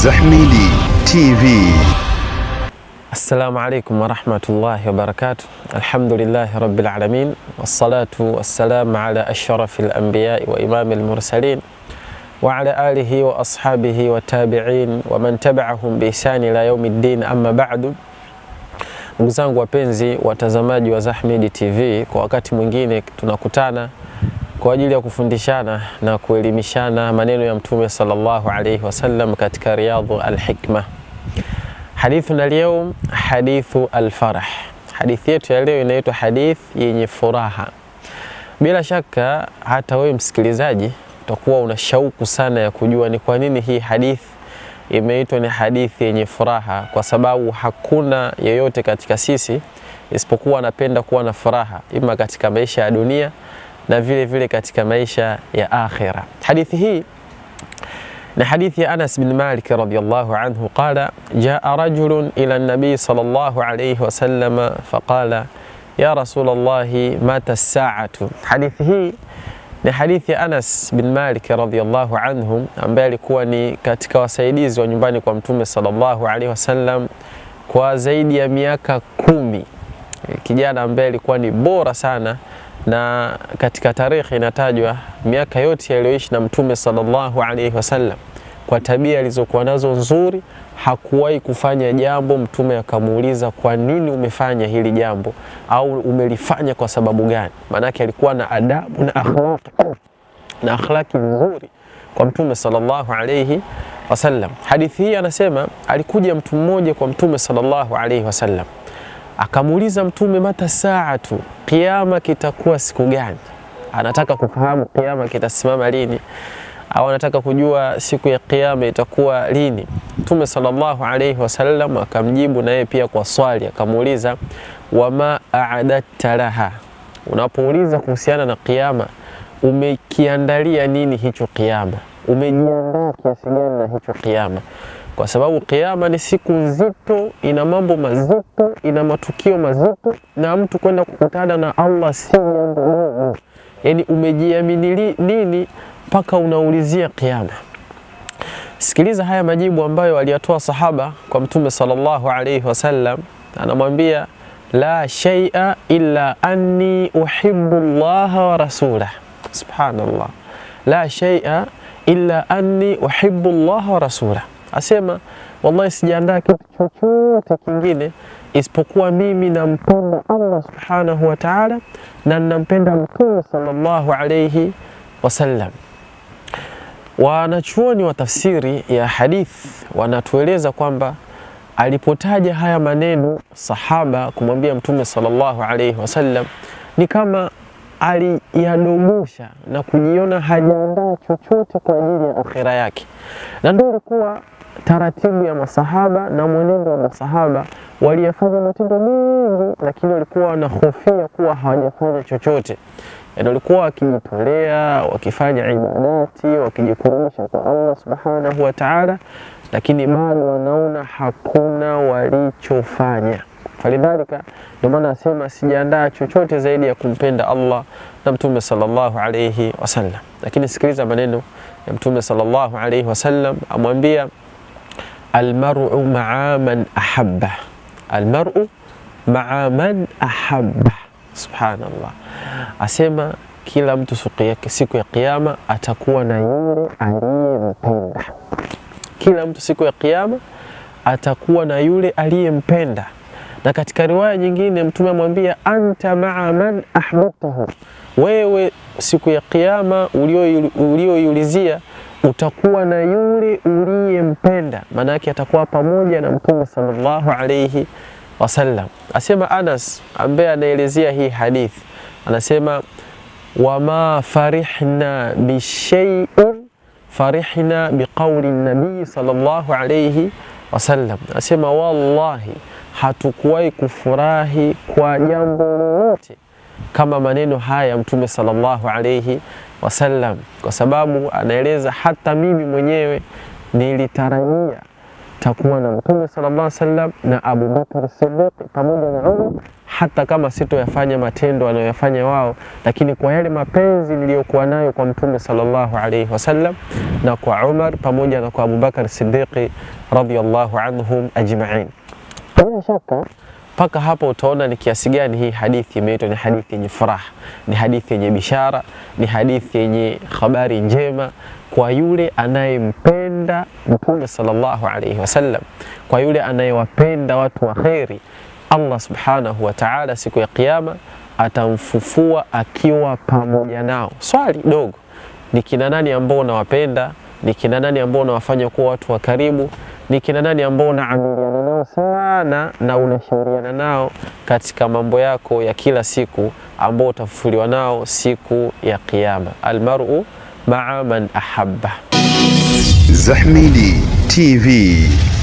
Zahmidi TV. Assalamu alaikum warahmatullahi wabarakatuh. Alhamdulillahi rabbil alamin wassalatu wassalamu ala ashrafil anbiya wa imamil mursalin wa ala alihi wa ashabihi wa tabi'in wa man tabi'ahum bi ihsani ila yaumiddin, amma ba'du. Ndugu zangu wapenzi watazamaji wa Zahmidi TV, kwa wakati mwingine tunakutana kwa ajili ya kufundishana na kuelimishana maneno ya Mtume sallallahu alayhi wasallam katika Riyadhu al-Hikma. Hadithu na leo, hadithu al-farah. Hadithi yetu ya leo inaitwa hadith yenye furaha. Bila shaka hata wewe msikilizaji utakuwa una shauku sana ya kujua ni kwa nini hii hadithi imeitwa ni hadithi yenye furaha, kwa sababu hakuna yeyote katika sisi isipokuwa anapenda kuwa na furaha, ima katika maisha ya dunia na vile vile katika maisha ya akhira. Hadithi hii na hadithi ya Anas bin Malik radhiyallahu anhu qala jaa rajulun ila an sallallahu alayhi wasallam faqala ya rasulallahi mata saatu Hadithi hii ni hadithi ya Anas bin Malik radhiyallahu anhu ambaye alikuwa ni katika wasaidizi wa nyumbani kwa Mtume sallallahu alaihi wasallam kwa zaidi ya miaka kumi, kijana ambaye alikuwa ni bora sana na katika tarehe inatajwa miaka yote aliyoishi na Mtume sallallahu alaihi wasallam kwa tabia alizokuwa nazo nzuri, hakuwahi kufanya jambo Mtume akamuuliza kwa nini umefanya hili jambo au umelifanya kwa sababu gani? Maanake alikuwa na adabu na akhlaki na akhlaki nzuri kwa Mtume sallallahu alaihi wasallam. Hadithi hii anasema alikuja mtu mmoja kwa Mtume sallallahu alaihi wasallam Akamuuliza Mtume, mata saatu, kiama kitakuwa siku gani? Anataka kufahamu kiama kitasimama lini, au anataka kujua siku ya kiama itakuwa lini. Mtume sallallahu alayhi wasallam akamjibu naye pia kwa swali, akamuuliza wama aadatta laha, unapouliza kuhusiana na kiama umekiandalia nini hicho kiama? Umejiandaa kiasi gani na hicho kiama? kwa sababu kiama ni siku nzito, ina mambo mazito, ina matukio mazito, na mtu kwenda kukutana na Allah si mambo dogo. Yani umejiamini nini mpaka unaulizia kiama? Sikiliza haya majibu ambayo aliyatoa sahaba kwa Mtume sallallahu alayhi wasallam, anamwambia la shay'a illa anni uhibbu Allah wa rasulah. Subhanallah, la shay'a illa anni uhibbu Allah wa rasulah asema wallahi, sijaandaa kitu chochote kingine isipokuwa mimi nampenda Allah subhanahu wa ta'ala na ninampenda Mtume sallallahu alayhi wasallam. Wanachuoni wa tafsiri ya hadith wanatueleza kwamba alipotaja haya maneno sahaba kumwambia Mtume sallallahu alayhi wasallam ni kama aliyadogosha na kujiona hajaandaa chochote kwa ajili ya akhera yake, na ndio ilikuwa taratibu ya masahaba na mwenendo wa masahaba. Waliyafanya matendo mengi, lakini walikuwa wanahofia kuwa hawajafanya chochote. Yani walikuwa wakijitolea, wakifanya ibadati, wakijikurubisha kwa Allah subhanahu wa ta'ala, lakini bado wanaona hakuna walichofanya. Falidhalika, ndio maana asema sijaandaa chochote zaidi ya kumpenda Allah na Mtume sallallahu alayhi wasallam. Lakini sikiliza maneno ya Mtume sallallahu alayhi wasallam, amwambia almaru maa man ahabba, almaru maa man ahabba. Subhanallah, asema kila mtu siku ya Kiyama atakuwa na yule aliyempenda. Kila mtu siku ya Kiyama atakuwa na yule aliyempenda, na katika riwaya nyingine Mtume amwambia anta maa man ahbabtahu, wewe siku ya Kiyama ulioiulizia utakuwa na yule uliyempenda, maana yake atakuwa pamoja na Mtume sallallahu alayhi wasallam. Asema Anas ambaye anaelezea hii hadithi, anasema wama farihna bishaiin farihna biqauli nabii sallallahu alayhi wasallam. Asema wallahi, hatukuwahi kufurahi kwa jambo lolote kama maneno haya ya Mtume sallallahu alayhi wasallam, kwa sababu anaeleza hata mimi mwenyewe nilitarajia takuwa na Mtume sallallahu alayhi wasallam na Abu Bakar Siddiq pamoja na Umar, hata kama sitoyafanya matendo anayoyafanya wao, lakini kwa yale mapenzi niliyokuwa nayo kwa Mtume sallallahu alayhi wasallam na kwa Umar pamoja na kwa Abu Bakar Siddiq radhiyallahu anhum ajma'in, bila shaka mpaka hapo utaona ni kiasi gani hii hadithi imeitwa ni hadithi yenye furaha, ni hadithi yenye bishara, ni hadithi yenye habari njema kwa yule anayempenda Mtume sallallahu alaihi wasallam, kwa yule anayewapenda watu wa kheri. Allah subhanahu wa ta'ala siku ya Kiyama atamfufua akiwa pamoja nao. Swali dogo, ni kina nani ambao unawapenda? Ni kina nani ambao unawafanya kuwa watu wa karibu? Ni kina nani ambao unaamiliana wenzako sana na unashauriana nao katika mambo yako ya kila siku ambao utafufuliwa nao siku ya Kiyama. Almaru maa man ahabba. Zahmidi TV.